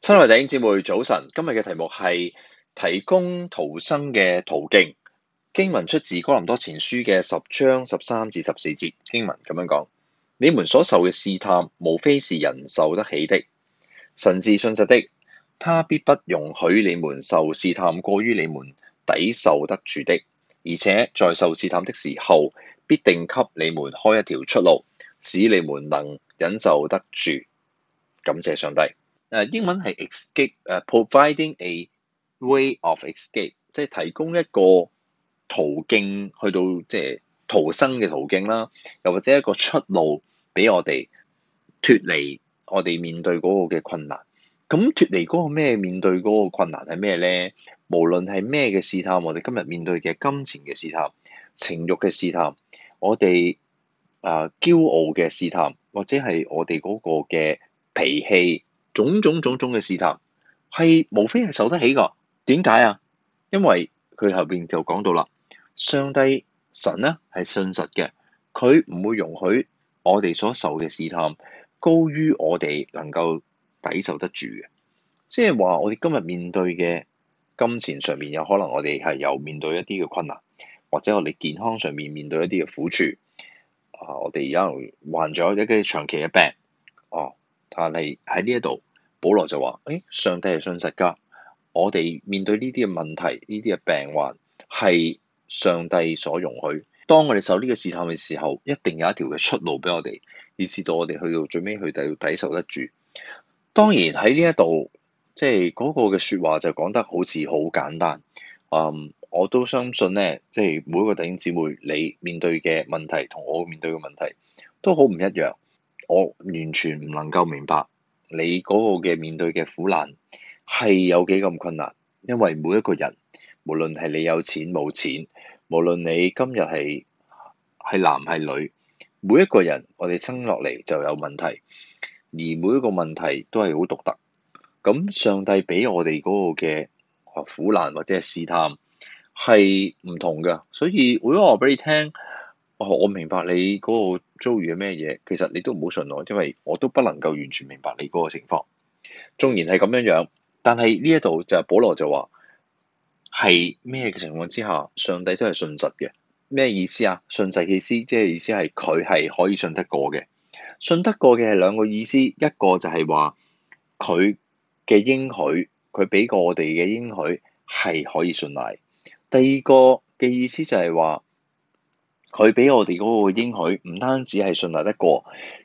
親愛的弟兄姊妹，早晨。今日嘅題目係提供逃生嘅途徑。經文出自《哥林多前書》嘅十章十三至十四節經文，咁樣講：你們所受嘅試探，無非是人受得起的。神是信實的，他必不容許你們受試探過於你們抵受得住的。而且在受試探的時候，必定給你們開一條出路，使你們能忍受得住。感謝上帝。誒、uh, 英文係 escape，誒、uh, providing a way of escape，即係提供一個途徑去到即係逃生嘅途徑啦。又或者一個出路俾我哋脱離我哋面對嗰個嘅困難。咁脱離嗰個咩？面對嗰個困難係咩咧？無論係咩嘅試探，我哋今日面對嘅金錢嘅試探、情慾嘅試探，我哋啊、uh, 驕傲嘅試探，或者係我哋嗰個嘅脾氣，種種種種嘅試探，係無非係受得起噶。點解啊？因為佢後邊就講到啦，上帝神呢係信實嘅，佢唔會容許我哋所受嘅試探高於我哋能夠抵受得住嘅。即係話我哋今日面對嘅金錢上面，有可能我哋係又面對一啲嘅困難，或者我哋健康上面面對一啲嘅苦處。啊，我哋而家患咗一個長期嘅病，哦、啊，但係喺呢一度。保羅就話，誒，上帝係信實家，我哋面對呢啲嘅問題，呢啲嘅病患，係上帝所容許。當我哋受呢個試探嘅時候，一定有一條嘅出路俾我哋，以至到我哋去到最尾，佢哋要抵受得住。當然喺呢一度，即係嗰個嘅說話就講得好似好簡單。嗯，我都相信呢，即係每一個弟兄姊妹，你面對嘅問題同我面對嘅問題都好唔一樣，我完全唔能夠明白。你嗰個嘅面對嘅苦難係有幾咁困難？因為每一個人，無論係你有錢冇錢，無論你今日係係男係女，每一個人我哋生落嚟就有問題，而每一個問題都係好獨特。咁上帝俾我哋嗰個嘅苦難或者係試探係唔同㗎，所以我而家話俾你聽。我、哦、我明白你嗰個遭遇係咩嘢，其實你都唔好信我，因為我都不能夠完全明白你嗰個情況。縱然係咁樣樣，但係呢一度就係、是，保羅就話係咩嘅情況之下，上帝都係信實嘅。咩意思啊？信實嘅意思，即係意思係佢係可以信得過嘅。信得過嘅係兩個意思，一個就係話佢嘅應許，佢俾過我哋嘅應許係可以信賴。第二個嘅意思就係話。佢俾我哋嗰個應許，唔單止係信實得過，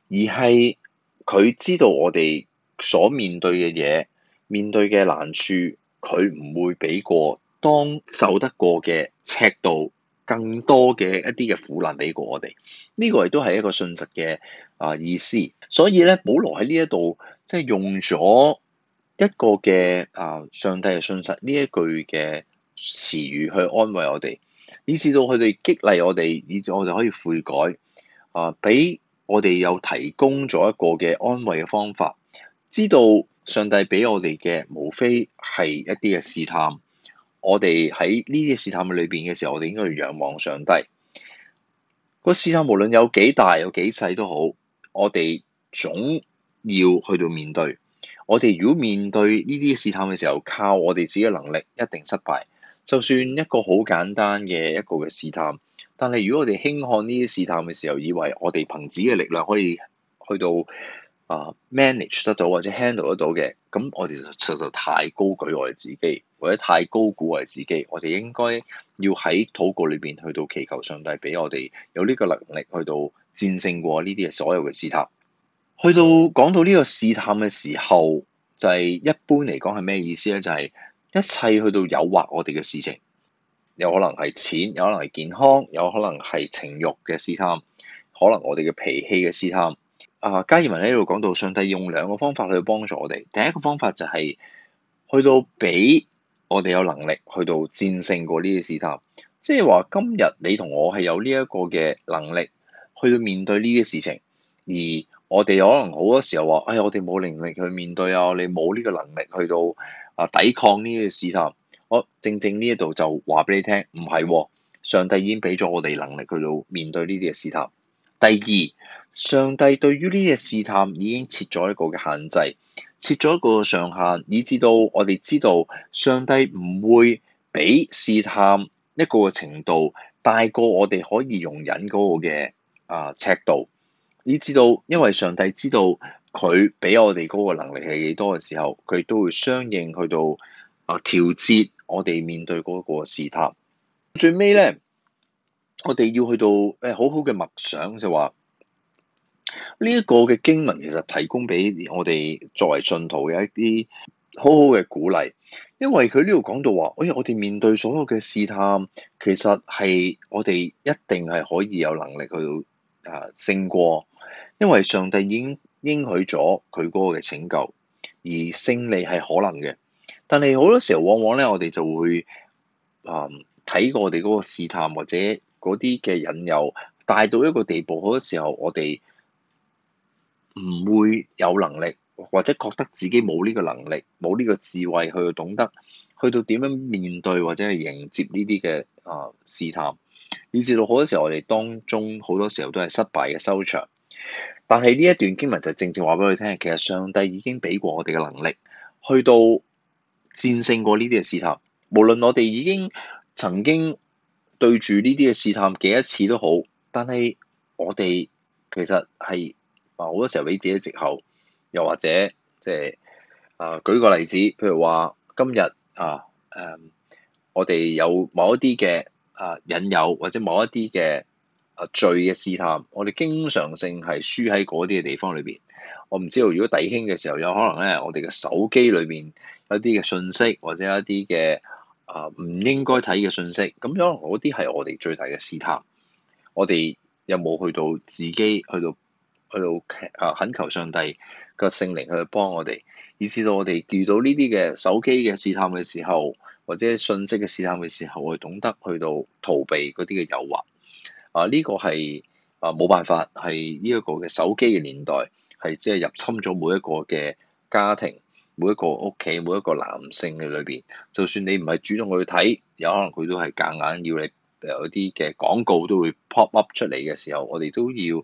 而係佢知道我哋所面對嘅嘢，面對嘅難處，佢唔會俾過當受得過嘅尺度，更多嘅一啲嘅苦難俾過我哋。呢、這個亦都係一個信實嘅啊意思。所以咧，保羅喺呢一度即係用咗一個嘅啊，上帝嘅信實呢一句嘅詞語去安慰我哋。以至到佢哋激勵我哋，以至我哋可以悔改啊！俾我哋有提供咗一個嘅安慰嘅方法，知道上帝俾我哋嘅無非係一啲嘅試探。我哋喺呢啲試探裏邊嘅時候，我哋應該要仰望上帝。個試探無論有幾大有幾細都好，我哋總要去到面對，我哋如果面對呢啲試探嘅時候，靠我哋自己嘅能力一定失敗。就算一個好簡單嘅一個嘅試探，但係如果我哋輕看呢啲試探嘅時候，以為我哋憑自己嘅力量可以去到啊、uh, manage 得到或者 handle 得到嘅，咁我哋就實在太高舉我哋自己，或者太高估我哋自己。我哋應該要喺禱告裏邊去到祈求上帝俾我哋有呢個能力去到戰勝過呢啲嘅所有嘅試探。去到講到呢個試探嘅時候，就係、是、一般嚟講係咩意思咧？就係、是。一切去到誘惑我哋嘅事情，有可能係錢，有可能係健康，有可能係情慾嘅試探，可能我哋嘅脾氣嘅試探。啊，嘉爾文喺呢度講到，上帝用兩個方法去幫助我哋。第一個方法就係、是、去到俾我哋有能力去到戰勝過呢啲試探，即係話今日你同我係有呢一個嘅能力去到面對呢啲事情，而我哋有可能好多時候話：「哎我哋冇能力去面對啊，你冇呢個能力去到。啊！抵抗呢啲嘅試探，我正正呢一度就話俾你聽，唔係、哦、上帝已經俾咗我哋能力去到面對呢啲嘅試探。第二，上帝對於呢啲嘅試探已經設咗一個嘅限制，設咗一個上限，以至到我哋知道上帝唔會俾試探一個程度大過我哋可以容忍嗰個嘅啊尺度，以至到因為上帝知道。佢俾我哋嗰個能力係幾多嘅時候，佢都會相應去到啊調節我哋面對嗰個試探。最尾咧，我哋要去到誒好好嘅默想，就話呢一個嘅經文其實提供俾我哋作為信徒嘅一啲好好嘅鼓勵，因為佢呢度講到話，哎，我哋面對所有嘅試探，其實係我哋一定係可以有能力去到啊勝過，因為上帝已經。應許咗佢嗰個嘅拯救，而勝利係可能嘅。但係好多時候，往往呢，我哋就會誒睇、嗯、過我哋嗰個試探或者嗰啲嘅引誘，大到一個地步，好多時候我哋唔會有能力，或者覺得自己冇呢個能力，冇呢個智慧去懂得去到點樣面對或者係迎接呢啲嘅啊試探，以至到好多時候，我哋當中好多時候都係失敗嘅收場。但係呢一段經文就正正話俾佢聽，其實上帝已經俾過我哋嘅能力，去到戰勝過呢啲嘅試探。無論我哋已經曾經對住呢啲嘅試探幾多次都好，但係我哋其實係啊，好多時候俾自己藉口，又或者即係啊，舉個例子，譬如話今日啊，誒、呃，我哋有某一啲嘅啊引誘，或者某一啲嘅。啊！罪嘅試探，我哋經常性係輸喺嗰啲嘅地方裏邊。我唔知道，如果底傾嘅時候，有可能咧，我哋嘅手機裏面有一啲嘅信息或者一啲嘅啊唔應該睇嘅信息，咁樣嗰啲係我哋最大嘅試探。我哋有冇去到自己去到去到啊，懇求上帝嘅聖靈去幫我哋，以至到我哋遇到呢啲嘅手機嘅試探嘅時候，或者信息嘅試探嘅時候，我哋懂得去到逃避嗰啲嘅誘惑。啊！呢、這個係啊冇辦法，係呢一個嘅手機嘅年代，係即係入侵咗每一個嘅家庭、每一個屋企、每一個男性嘅裏邊。就算你唔係主動去睇，有可能佢都係夾硬要你有啲嘅廣告都會 pop up 出嚟嘅時候，我哋都要誒、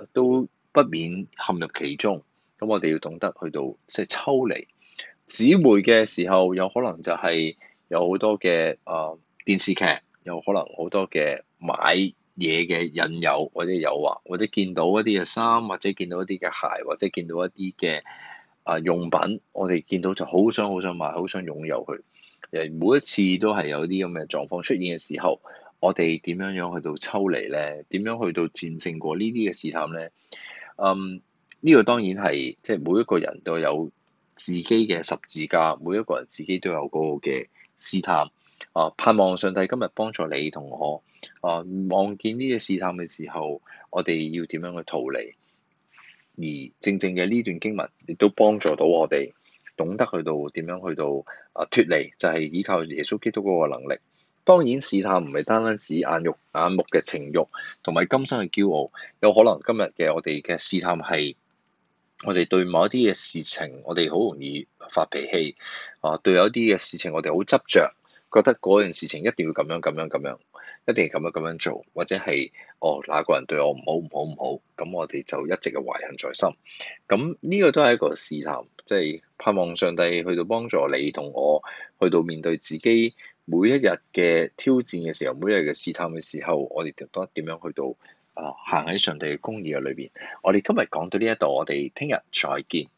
呃、都不免陷入其中。咁我哋要懂得去到即係、就是、抽離，姊妹嘅時候有可能就係有好多嘅啊、呃、電視劇。有可能好多嘅買嘢嘅引誘或者誘惑，或者見到一啲嘅衫，或者見到一啲嘅鞋，或者見到一啲嘅啊用品，我哋見到就好想好想買，好想擁有佢。誒，每一次都係有啲咁嘅狀況出現嘅時候，我哋點樣樣去到抽離咧？點樣去到戰勝過呢啲嘅試探咧？嗯，呢個當然係即係每一個人都有自己嘅十字架，每一個人自己都有嗰個嘅試探。啊！盼望上帝今日幫助你同我啊，望見呢啲試探嘅時候，我哋要點樣去逃離？而正正嘅呢段經文，亦都幫助到我哋懂得去到點樣去到啊脫離，就係依靠耶穌基督嗰個能力。當然，試探唔係單單指眼肉眼目嘅情慾，同埋今生嘅驕傲。有可能今日嘅我哋嘅試探係我哋對某一啲嘅事情，我哋好容易發脾氣啊！對有一啲嘅事情，我哋好執着。覺得嗰件事情一定要咁樣咁樣咁樣，一定要咁樣咁樣做，或者係哦，哪個人對我唔好唔好唔好，咁我哋就一直嘅懷恨在心。咁呢個都係一個試探，即係盼望上帝去到幫助你同我，去到面對自己每一日嘅挑戰嘅時候，每一日嘅試探嘅時候，我哋都點樣去到啊行喺上帝嘅公義嘅裏邊？我哋今日講到呢一度，我哋聽日再見。